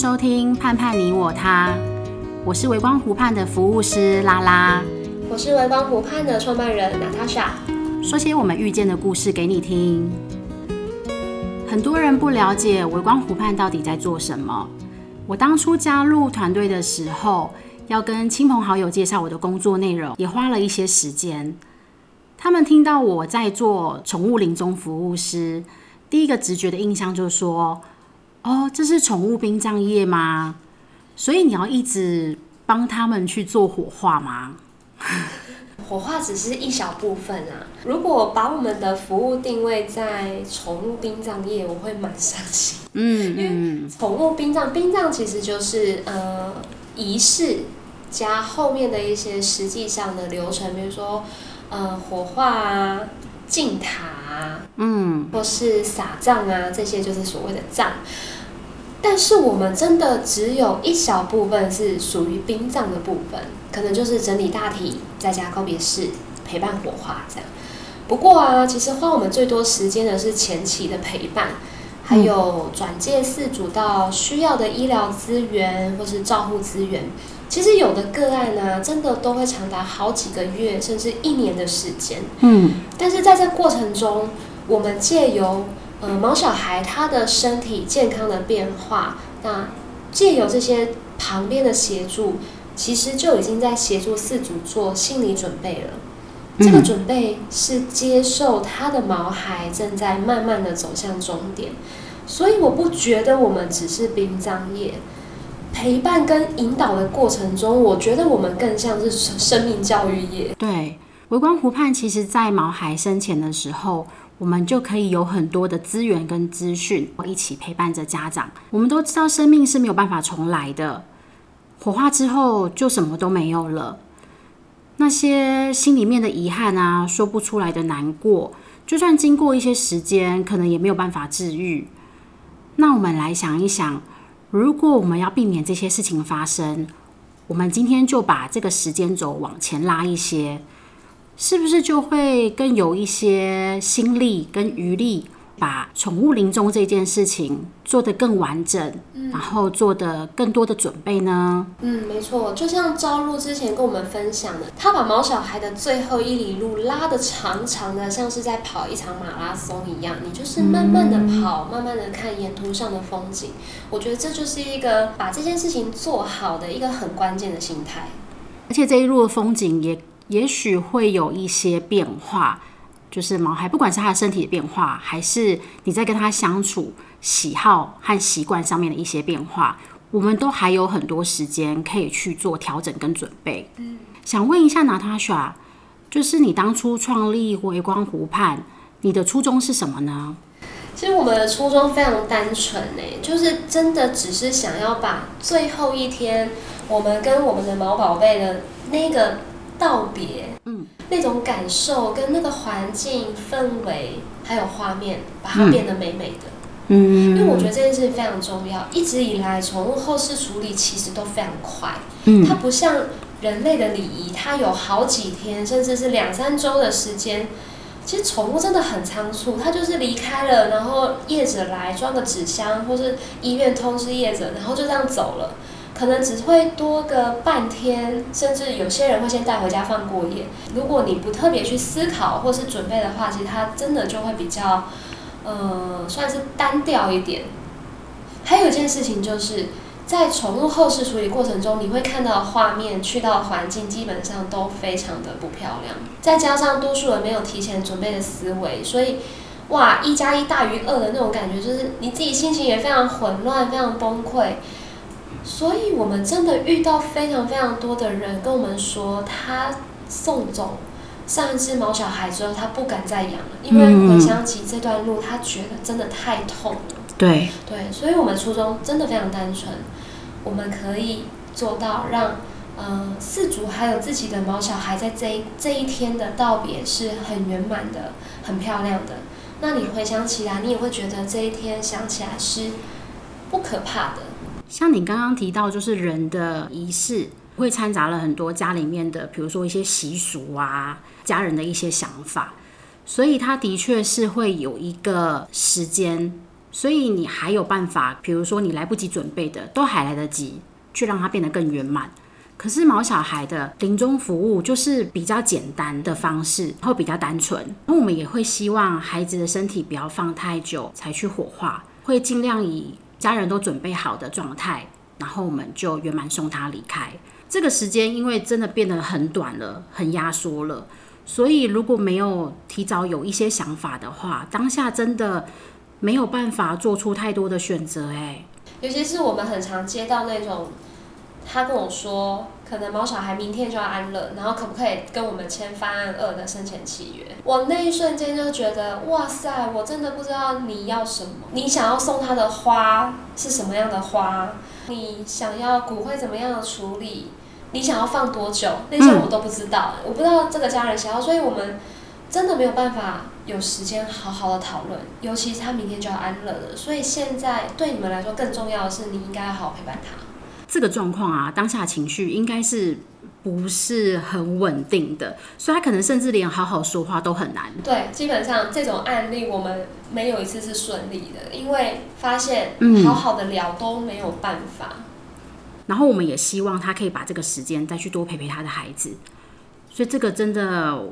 收聽《盼盼你我他》，我是微光湖盼的服務師拉拉，我是微光湖盼的創辦人娜塔莎，說些我們遇見的故事給你聽。很多人不了解微光湖盼到底在做什麼。我當初加入團隊的時候，要跟親朋好友介紹我的工作內容，也花了一些時間。他們聽到我在做寵物臨終服務師，第一個直覺的印象就是說。.哦，這是寵物殯葬業嗎？所以你要一直幫他們去做火化嗎？ 火化只是一小部分啦、啊。如果把我們的服務定位在寵物殯葬業，我會蠻傷心。嗯，因為寵物殯葬，殯葬其實就是呃儀式加後面的一些實際上的流程，比如說呃火化啊、進塔。嗯，或是撒葬啊，這些就是所謂的葬。但是我們真的只有一小部分是屬於殯葬的部分，可能就是整理大體，在家告別式、陪伴火化這樣。不過啊，其實花我們最多時間的是前期的陪伴。還有轉介飼主到需要的醫療資源或是照護資源，其實有的個案呢，真的都會長達好幾個月甚至一年的時間。嗯，但是在這過程中，我們借由呃毛小孩他的身體健康的變化，那借由這些旁邊的協助，其實就已經在協助飼主做心理準備了。這個準備是接受他的毛孩正在慢慢的走向終點，所以我不覺得我們只是殯葬業。陪伴跟引導的過程中，我覺得我們更像是生命教育業。對，微光湖盼，其實在毛孩生前的時候，我們就可以有很多的資源跟資訊，我一起陪伴着家長。我們都知道生命是沒有辦法重來的，火化之後就什麼都沒有了。那些心裡面的遺憾啊，說不出來的難過，就算經過一些時間，可能也沒有辦法治癒。那我們來想一想，如果我們要避免這些事情發生，我們今天就把這個時間軸往前拉一些，是不是就會更有一些心力跟餘力，把寵物臨終這件事情做得更完整，嗯，然後做得更多的準備呢？嗯，沒錯，就像朝露之前跟我們分享的，他把毛小孩的最後一里路拉得長長的，像是在跑一場馬拉松一樣，你就是慢慢的跑，嗯、慢慢的看沿途上的風景。我覺得這就是一個把這件事情做好的一個很關鍵的心態。而且這一路的風景也也許會有一些變化。就是毛孩，不管是他的身體的變化，還是你在跟他相處、喜好和習慣上面的一些變化，我們都還有很多時間可以去做調整跟準備。嗯，想問一下娜塔莎，就是你當初創立微光湖盼，你的初衷是什麼呢？其實我們的初衷非常單純欸，就是真的只是想要把最後一天我們跟我們的毛寶貝的那個。道別，嗯，那種感受跟那個環境氛圍，還有畫面，把它變得美美的，嗯，因為我覺得這件事情非常重要。一直以來，寵物後事處理其實都非常快，嗯，它不像人類的禮儀，它有好幾天，甚至是兩三周的時間。其實寵物真的很倉促，它就是離開了，然後業者來裝個紙箱，或是醫院通知業者，然後就這樣走了。可能只會多個半天，甚至有些人會先帶回家放過夜。如果你不特別去思考或是準備的話，其實它真的就會比較，呃，算是單調一點。還有一件事情就是在寵物後事處理過程中，你會看到的畫面，去到的環境，基本上都非常的不漂亮。再加上多數人沒有提前準備的思維，所以，哇，一加一大於二的那種感覺，就是你自己心情也非常混亂，非常崩潰。所以，我們真的遇到非常非常多的人跟我們說，他送走上一只毛小孩之後，他不敢再養了，因為回想起這段路，他覺得真的太痛了。嗯、對對，所以，我們初衷真的非常單純，我們可以做到讓呃飼主還有自己的毛小孩，在這一這一天的道別是很圓滿的、很漂亮的。那你回想起來，你也會覺得這一天想起來是不可怕的。像你剛剛提到，就是人的儀式會摻雜了很多家裡面的，比如說一些習俗啊，家人的一些想法，所以它的確是會有一個時間，所以你還有辦法，比如說你來不及準備的，都還來得及去讓它變得更圓滿。可是毛小孩的臨終服務就是比較簡單的方式，會比較單純，那我們也會希望孩子的身體不要放太久才去火化，會盡量以家人都準備好的狀態，然後我們就圓滿送他離開。這個時間因為真的變得很短了，很壓縮了，所以如果沒有提早有一些想法的話，當下真的沒有辦法做出太多的選擇欸。誒，尤其是我們很常接到那種，他跟我說。可能毛小孩明天就要安樂，然後可不可以跟我們簽方案二的生前契約？我那一瞬間就覺得，哇塞，我真的不知道你要什麼，你想要送他的花是什麼樣的花，你想要骨灰怎麼樣的處理，你想要放多久，那些我都不知道。嗯，我不知道這個家人想要，所以我們真的沒有辦法有時間好好的討論，尤其是他明天就要安樂了，所以現在對你們來說更重要的是，你應該要好好陪伴他。這個狀況啊，當下情緒應該是不是很穩定的，所以他可能甚至連好好說話都很難。對，基本上這種案例我們沒有一次是順利的，因為發現好好的聊都沒有辦法、嗯。然後我們也希望他可以把這個時間再去多陪陪他的孩子，所以這個真的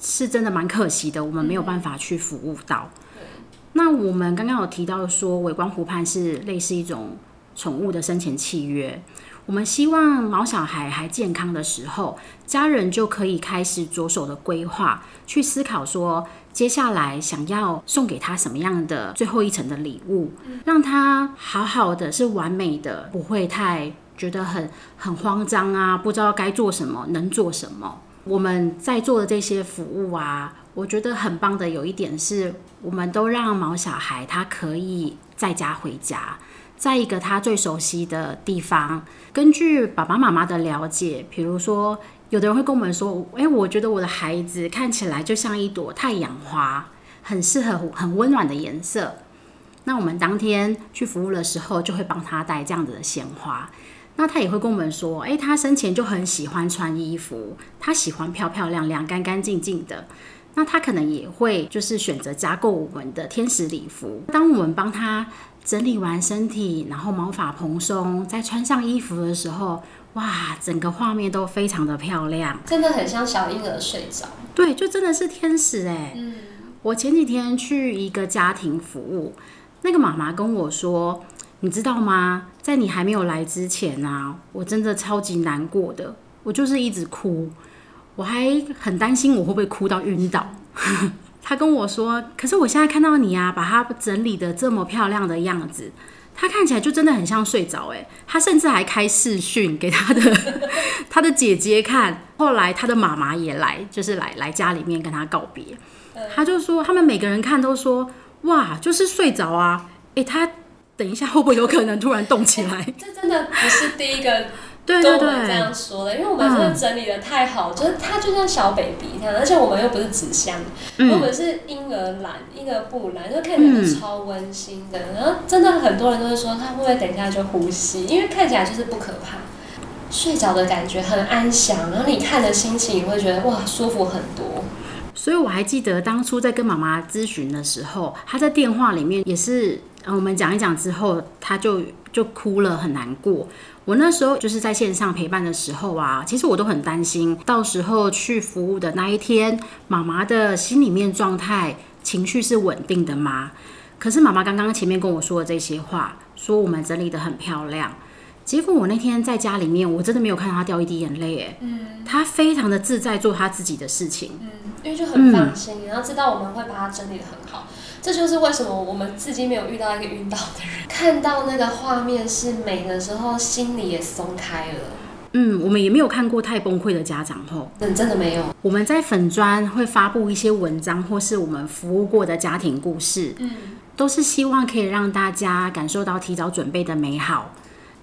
是，是真的蠻可惜的，我們沒有辦法去服務到。嗯、那我們剛剛有提到說，微光湖盼是類似一種。寵物的生前契約，我們希望毛小孩還健康的時候，家人就可以開始着手的規劃，去思考說接下來想要送給他什麼樣的最後一程的禮物，讓他好好的，是完美的，不會太覺得很很慌張啊，不知道該做什麼，能做什麼。我們在做的這些服務啊，我覺得很棒的有一點是，我們都讓毛小孩他可以在家回家。在一個他最熟悉的地方，根據爸爸媽媽的了解，比如說，有的人會跟我們說：“欸，我覺得我的孩子看起來就像一朵太陽花，很適合很溫暖的顏色。”那我們當天去服務的時候，就會幫他帶這樣子的鮮花。那他也會跟我們說：“欸，他生前就很喜歡穿衣服，他喜歡漂漂亮亮、乾乾淨淨的。”那他可能也會就是選擇加購我們的天使禮服。當我們幫他整理完身體，然後毛髮蓬鬆，再穿上衣服的時候，哇，整個畫面都非常的漂亮，真的很像小嬰兒睡着。對，就真的是天使欸。嗯。我前幾天去一個家庭服務，那個媽媽跟我說：“你知道嗎？在你還沒有來之前啊，我真的超級難過的，我就是一直哭，我還很擔心我會不會哭到暈倒。 ”他跟我說：“可是我現在看到你啊，把它整理得這麼漂亮的樣子，他看起來就真的很像睡着，欸。哎，他甚至還開視訊給他的他的姐姐看。後來他的媽媽也來，就是來來家裡面跟他告別。他就說，他們每個人看都說，哇，就是睡着啊哎，欸，他等一下會不會有可能突然動起來？欸，這真的不是第一個。”對，對，對，對。這樣說的，因為我們真的整理得太好，嗯，就是他就像小 baby 一樣，而且我們又不是紙箱，嗯，我們是嬰兒籃，嬰兒布籃，就看起來是超溫馨的，嗯。然後真的很多人都是說，他會不會等一下就呼吸？因為看起來就是不可怕，睡着的感覺很安詳，然後你看的心情也會覺得哇，舒服很多。所以我還記得當初在跟媽媽諮詢的時候，她在電話裡面也是，嗯、我們講一講之後，她就就哭了，很難過。我那時候就是在線上陪伴的時候啊，其實我都很擔心，到時候去服務的那一天，媽媽的心裡面狀態、情緒是穩定的嗎？可是媽媽剛剛前面跟我說的這些話，說我們整理得很漂亮，結果我那天在家裡面，我真的沒有看到她掉一滴眼淚，欸，嗯，她非常的自在做她自己的事情，嗯，因為就很放心，然後，嗯，知道我們會把它整理得很好。這就是為什麼我們至今沒有遇到一個暈倒的人。看到那個畫面是美的時候，心裡也鬆開了。嗯，我們也沒有看過太崩潰的家長後、哦。嗯，真的沒有。我們在粉專會發布一些文章，或是我們服務過的家庭故事。嗯，都是希望可以讓大家感受到提早準備的美好。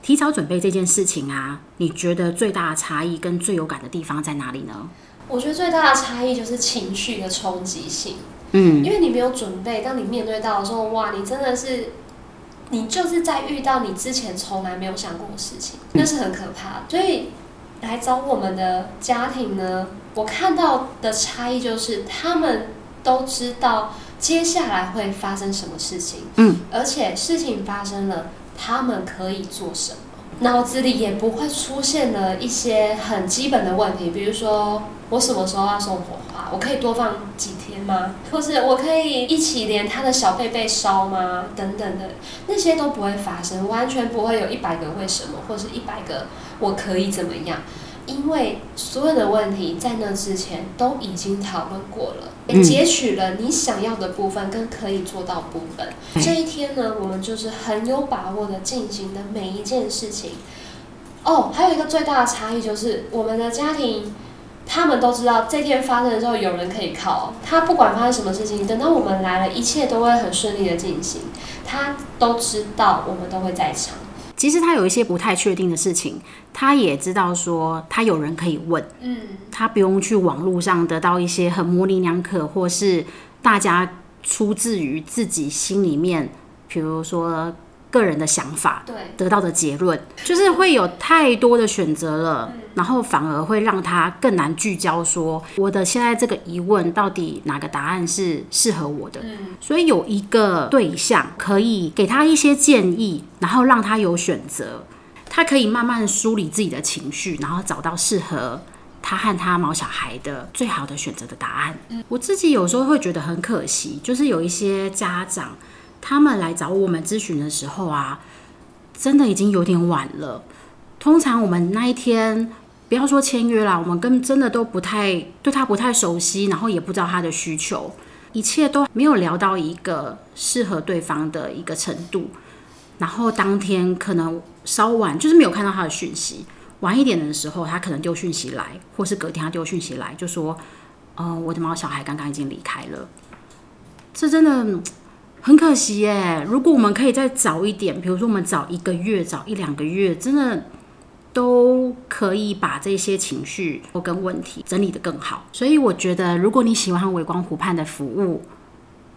提早準備這件事情啊，你覺得最大的差異跟最有感的地方在哪裡呢？我覺得最大的差異就是情緒的衝擊性。嗯，因為你沒有準備，當你面對到的時候，哇，你真的是，你就是在遇到你之前從來沒有想過的事情，那是很可怕的。所以來找我們的家庭呢，我看到的差異就是，他們都知道接下來會發生什麼事情，嗯，而且事情發生了，他們可以做什麼。腦子裡也不會出現了一些很基本的問題，比如說，我什麼時候要送火化，我可以多放幾天嗎？或者我可以一起連他的小被被燒嗎？等等的，那些都不會發生，完全不會有一百個為什麼，或者是一百個我可以怎麼樣。因為所有的問題在那之前都已經討論過了，也截取了你想要的部分跟可以做到的部分。這一天呢，我們就是很有把握的進行的每一件事情。哦，還有一個最大的差異就是，我們的家庭，他們都知道這天發生的時候有人可以靠。他不管發生什麼事情，等到我們來了，一切都會很順利的進行。他都知道我們都會在場。其實他有一些不太確定的事情，他也知道說他有人可以問，嗯，他不用去網絡上得到一些很模棱兩可，或是大家出自於自己心裡面，比如說個人的想法。對，得到的結論就是會有太多的選擇了，嗯，然後反而會讓他更難聚焦，說我的現在這個疑問到底哪個答案是適合我的？嗯，所以有一個對象可以給他一些建議，然後讓他有選擇，他可以慢慢梳理自己的情緒，然後找到適合他和他毛小孩的最好的選擇的答案。嗯，我自己有時候會覺得很可惜，就是有一些家長。他們來找我們諮詢的時候啊，真的已經有點晚了。通常我們那一天，不要說簽約啦，我們跟真的都不太對他不太熟悉，然後也不知道他的需求，一切都沒有聊到一個適合對方的一個程度。然後當天可能稍晚，就是沒有看到他的訊息。晚一點的時候，他可能丟訊息來，或是隔天他丟訊息來，就說：“哦、呃，我的毛小孩剛剛已經離開了。”這真的。很可惜耶、欸，如果我們可以再早一點，比如說我們早一個月，早一兩個月，真的都可以把這些情緒或跟問題整理得更好。所以我覺得，如果你喜歡微光湖盼的服務，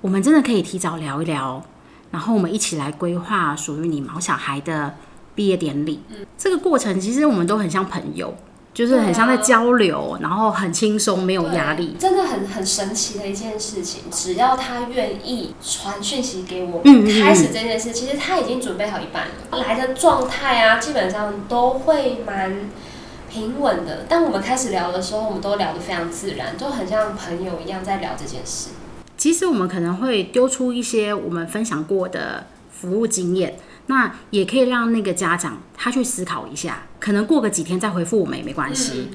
我們真的可以提早聊一聊，然後我們一起來規劃屬於你毛小孩的畢業典禮。這個過程其實我們都很像朋友。就是很像在交流，啊、然後很輕鬆，沒有壓力，真的很很神奇的一件事情。只要他願意傳訊息給我，嗯嗯嗯開始這件事，其實他已經準備好一半了。來的狀態啊，基本上都會蠻平穩的。但我們開始聊的時候，我們都聊得非常自然，就很像朋友一樣在聊這件事。其實我們可能會丟出一些我們分享過的服務經驗。那也可以讓那個家長他去思考一下，可能過個幾天再回復我們也沒關係。嗯。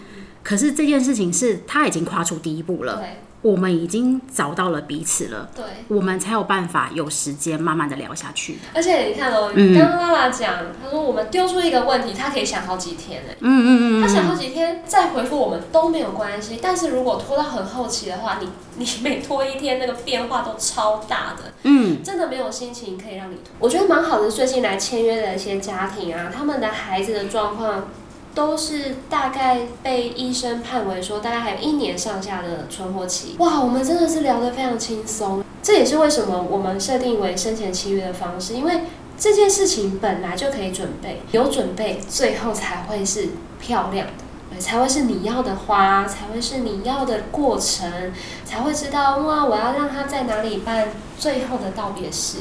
可是這件事情是他已經跨出第一步了。我們已經找到了彼此了，對，我們才有辦法有時間慢慢的聊下去。而且你看哦、喔，剛剛媽媽講，她說我們丟出一個問題，她可以想好幾天、欸、嗯嗯嗯，她想好幾天再回復我們都沒有關係。但是如果拖到很後期的話，你你每拖一天，那個變化都超大的，嗯，真的沒有心情可以讓你拖。我覺得蠻好的，最近來簽約的一些家庭啊，他們的孩子的狀況。都是大概被醫生判為說，大概還有一年上下的存活期。哇，我們真的是聊得非常輕鬆。這也是為什麼我們設定為生前契約的方式，因為這件事情本來就可以準備，有準備最後才會是漂亮的，才會是你要的花，才會是你要的過程，才會知道哇，我要讓他在哪裡辦最後的道別式。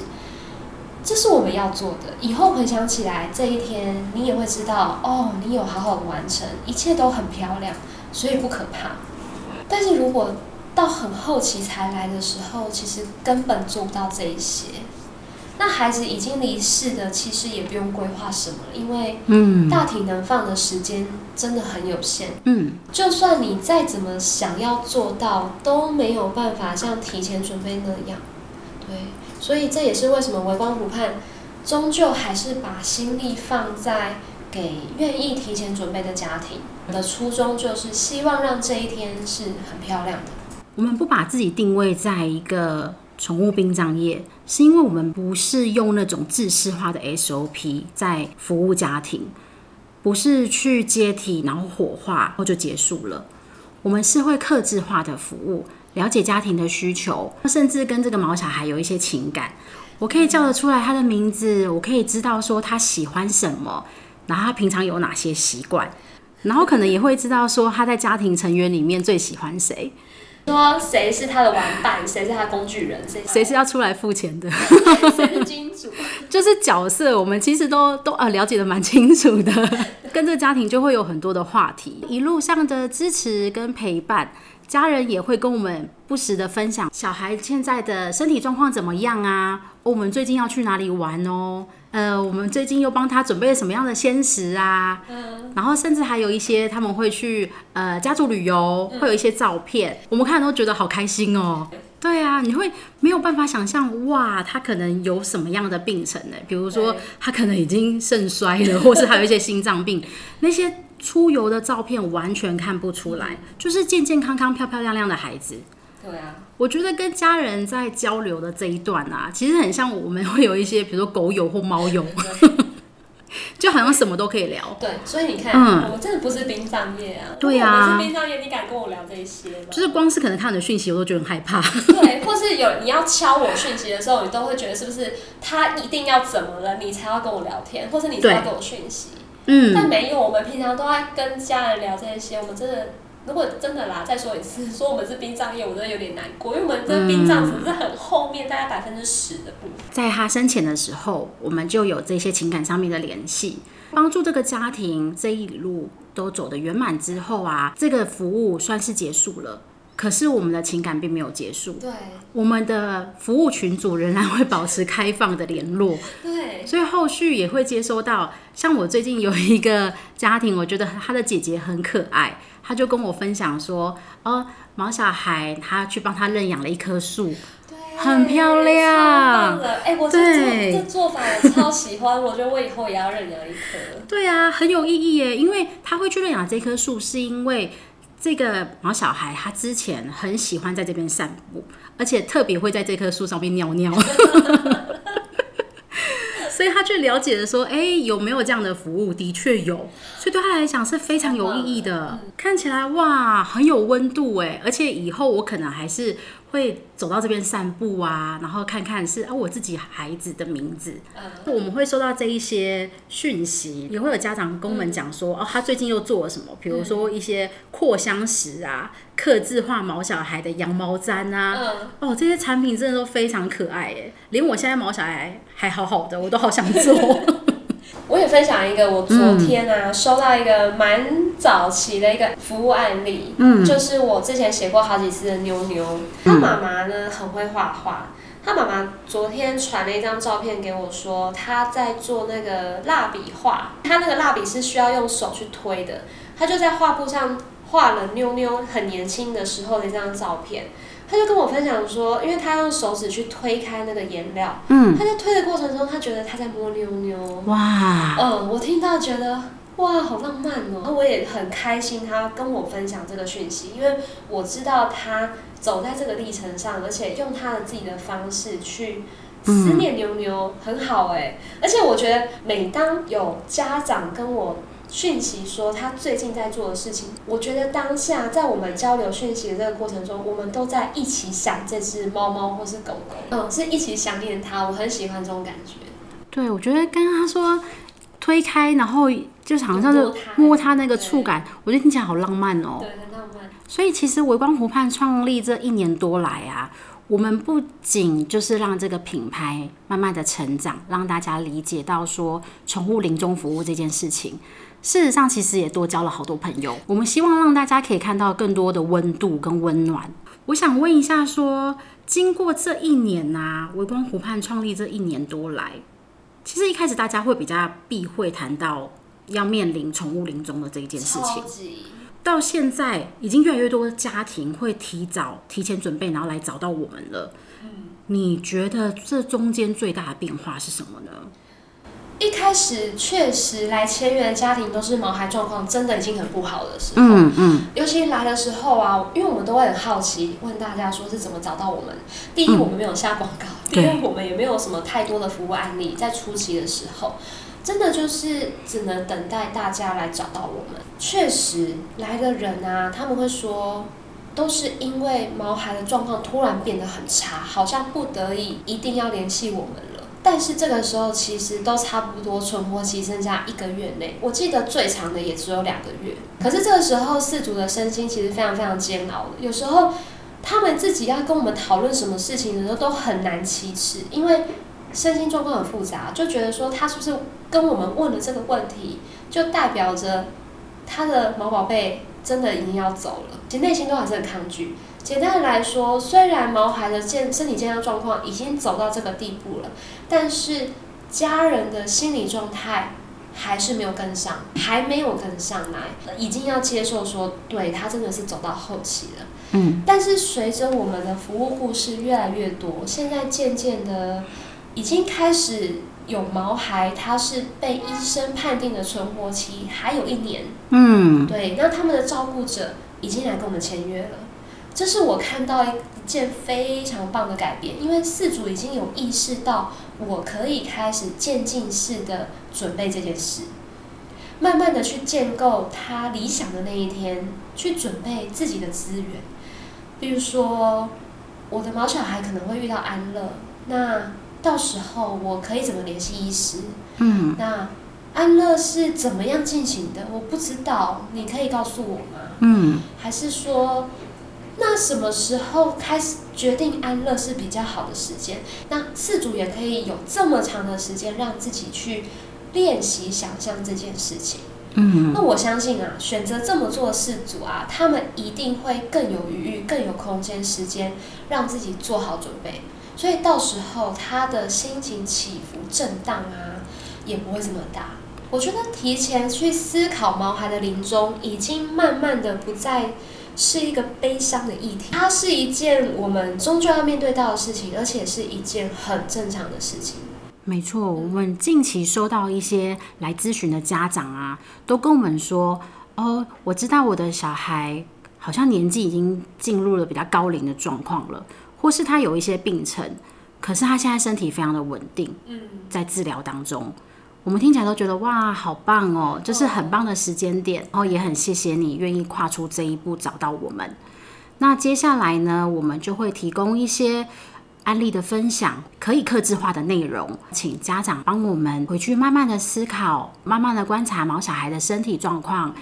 這是我們要做的。以後回想起來，這一天你也會知道，哦，你有好好的完成，一切都很漂亮，所以不可怕。但是如果到很後期才來的時候，其實根本做不到這一些。那孩子已經離世的，其實也不用規劃什麼，因為嗯，大體能放的時間真的很有限。嗯，就算你再怎麼想要做到，都沒有辦法像提前準備那樣，對。所以這也是為什麼微光湖盼終究還是把心力放在給願意提前準備的家庭。我的初衷就是希望讓這一天是很漂亮的。我們不把自己定位在一個寵物殯葬業，是因為我們不是用那種制式化的 SOP 在服務家庭，不是去接體然後火化然後就結束了。我們是會客制化的服務。了解家庭的需求，甚至跟這個毛小孩有一些情感。我可以叫得出來他的名字，我可以知道說他喜歡什麼，然後他平常有哪些習慣，然後可能也會知道說他在家庭成員裡面最喜歡誰，說誰是他的玩伴，誰是他的工具人，誰誰是要出來付錢的，誰是金主 就是角色。我們其實都都呃、啊、了解得蠻清楚的，跟這個家庭就會有很多的話題，一路上的支持跟陪伴。家人也會跟我們不時的分享小孩現在的身體狀況怎麼樣啊？哦，我們最近要去哪裡玩哦？呃，我們最近又幫他準備了什麼樣的鮮食啊？嗯，然後甚至還有一些他們會去呃，家族旅遊，會有一些照片，我們看都覺得好開心哦。對啊，你會沒有辦法想象哇，他可能有什麼樣的病程呢？比如說，他可能已經腎衰了，或是還有一些心臟病， 那些出遊的照片完全看不出來，嗯、就是健健康康、漂漂亮亮的孩子。對啊，我覺得跟家人在交流的這一段啊，其實很像我們會有一些，比如說狗友或貓友。就好像什麼都可以聊，對，所以你看，嗯、我真的不是殯葬業啊，對啊，我是殯葬業，你敢跟我聊這一些嗎？就是光是可能看你的訊息，我都覺得很害怕，對，或是有你要敲我訊息的時候，你都會覺得是不是他一定要怎麼了，你才要跟我聊天，或是你才要跟我訊息，嗯，但沒有，我們平常都在跟家人聊這些，我們真的。如果真的啦，再說一次，說我們是殯葬業，我真的有點難過，因為我們這殯葬只是很後面大概百分之十的部分。在他生前的時候，我們就有這些情感上面的聯繫，幫助這個家庭這一路都走得圓滿之後啊，這個服務算是結束了。可是我們的情感並沒有結束，對，我們的服務群組仍然會保持開放的聯絡，對，所以後續也會接收到。像我最近有一個家庭，我覺得他的姐姐很可愛。他就跟我分享說：“哦，毛小孩他去幫他認養了一棵樹，很漂亮。哎、欸，我這對這做法我超喜歡， 我覺得我以後也要認養一棵。對啊，很有意義耶！因為他會去認養這棵樹，是因為這個毛小孩他之前很喜歡在這邊散步，而且特別會在這棵樹上面尿尿。 ”所以他去了解的說，誒哎、欸，有沒有這樣的服務？的確有，所以對他來講是非常有意義的。看起來哇，很有溫度哎、欸，而且以後我可能還是。會走到這邊散步啊，然後看看，是啊，我自己孩子的名字，嗯，我們會收到這一些訊息，也會有家長跟我們講說、嗯，哦，他最近又做了什麼，比如說一些擴香石啊，客製化毛小孩的羊毛氈啊、嗯，哦，這些產品真的都非常可愛，哎，連我現在毛小孩還好好的，我都好想做。 我也分享一個，我昨天啊、嗯、收到一個蠻早期的一個服務案例，嗯、就是我之前寫過好幾次的妞妞，嗯、她媽媽呢很會畫畫，她媽媽昨天傳了一張照片給我說，說她在做那個蠟筆畫，她那個蠟筆是需要用手去推的，她就在畫布上畫了妞妞很年輕的時候的一張照片。他就跟我分享說，因為他用手指去推開那個顏料，嗯，他在推的過程中，他覺得他在摸牛牛。哇！嗯、呃，我聽到覺得哇，好浪漫哦，喔！我也很開心他跟我分享這個訊息，因為我知道他走在這個歷程上，而且用他的自己的方式去思念牛牛，嗯，很好哎，欸。而且我覺得，每當有家長跟我。訊息說他最近在做的事情，我覺得當下在我們交流訊息的這個過程中，我們都在一起想這隻貓貓或是狗狗，嗯，是一起想念它。我很喜歡這種感覺。對，我覺得剛剛他說推開，然後就好像就摸它那個觸感，我覺得聽起來好浪漫哦、喔，對，很浪漫。所以其實微光湖盼創立這一年多來啊，我們不僅就是讓這個品牌慢慢的成長，讓大家理解到說寵物臨終服務這件事情。事實上，其實也多交了好多朋友。我們希望讓大家可以看到更多的溫度跟溫暖。 我想問一下說，說經過這一年吶、啊，微光湖盼創立這一年多來，其實一開始大家會比較避諱談到要面臨寵物臨終的這一件事情，到現在已經越來越多的家庭會提早提前準備，然後來找到我們了。嗯、你覺得這中間最大的變化是什麼呢？一開始確實來簽約的家庭都是毛孩狀況真的已經很不好的時候，嗯嗯，尤其來的時候啊，因為我們都會很好奇問大家說是怎麼找到我們。第一，我們沒有下廣告，嗯；第二，我們也沒有什麼太多的服務案例。在初期的時候，真的就是只能等待大家來找到我們。確實來的人啊，他們會說都是因為毛孩的狀況突然變得很差，好像不得已一定要聯繫我們了。但是這個時候其實都差不多存活期剩下一個月內，我記得最長的也只有兩個月。可是這個時候飼主的身心其實非常非常煎熬的，有時候他們自己要跟我們討論什麼事情的時候都很難啟齒，因為身心狀況很複雜，就覺得說他是不是跟我們問了這個問題，就代表着他的毛寶貝，真的已經要走了，其實內心都還是很抗拒。簡單的來說，雖然毛孩的健身體健康狀況已經走到這個地步了，但是家人的心理狀態還是沒有跟上，還沒有跟上來，已經要接受說，對，他真的是走到後期了。嗯，但是隨着我們的服務故事越來越多，現在漸漸的已經開始。有毛孩，他是被醫生判定的存活期還有一年。嗯，對，那他們的照顧者已經來跟我們簽約了，這是我看到一件非常棒的改變，因為飼主已經有意識到，我可以開始漸進式的準備這件事，慢慢的去建構他理想的那一天，去準備自己的資源。比如說，我的毛小孩可能會遇到安樂，那。到時候我可以怎麼聯繫醫師？嗯，那安樂是怎麼樣進行的？我不知道，你可以告訴我嗎？嗯，還是說，那什麼時候開始決定安樂是比較好的時間？那飼主也可以有這麼長的時間讓自己去練習想象這件事情。嗯，那我相信啊，選擇這麼做的飼主啊，他們一定會更有餘裕，更有空間、時間，讓自己做好準備。所以到時候他的心情起伏震蕩啊，也不會這麼大。我覺得提前去思考毛孩的臨終，已經慢慢的不再是一個悲傷的議題，它是一件我們終究要面對到的事情，而且是一件很正常的事情。沒錯，我們近期收到一些來諮詢的家長啊，都跟我們說：“哦，我知道我的小孩好像年紀已經進入了比較高齡的狀況了。”或是他有一些病程，可是他現在身體非常的穩定。嗯，在治療當中，我們聽起來都覺得哇，好棒哦，就是很棒的時間點哦，然後也很謝謝你願意跨出這一步找到我們。那接下來呢，我們就會提供一些案例的分享，可以客製化的內容，請家長幫我們回去慢慢的思考，慢慢的觀察毛小孩的身體狀況，嗯、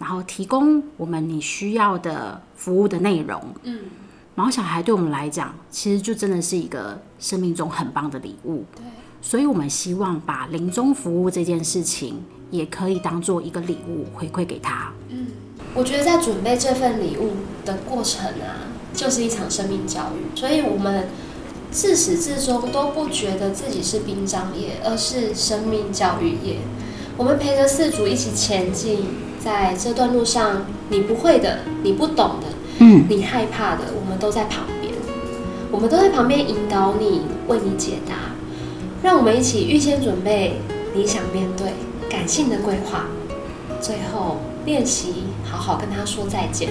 然後提供我們你需要的服務的內容。嗯。毛小孩對我們來講，其實就真的是一個生命中很棒的禮物。對，所以我們希望把臨終服務這件事情，也可以當做一個禮物回饋給他。嗯，我覺得在準備這份禮物的過程啊，就是一場生命教育。所以我們自始至終都不覺得自己是殯葬業，而是生命教育業。我們陪着飼主一起前進，在這段路上，你不會的，你不懂的。嗯，你害怕的，我們都在旁邊，我們都在旁邊引導你，為你解答，讓我們一起預先準備理想面對感性的規劃，最後練習好好跟他說再見。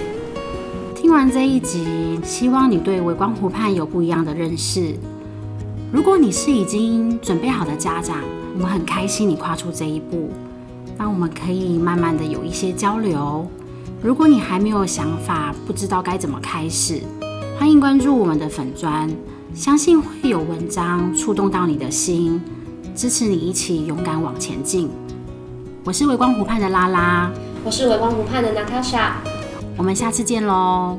聽完這一集，希望你對微光湖盼有不一樣的認識。如果你是已經準備好的家長，我們很開心你跨出這一步，讓我們可以慢慢的有一些交流。如果你還沒有想法，不知道該怎麼開始，歡迎關注我們的粉專，相信會有文章觸動到你的心，支持你一起勇敢往前進。我是微光湖盼的拉拉，我是微光湖盼的娜塔莎，我們下次見嘍。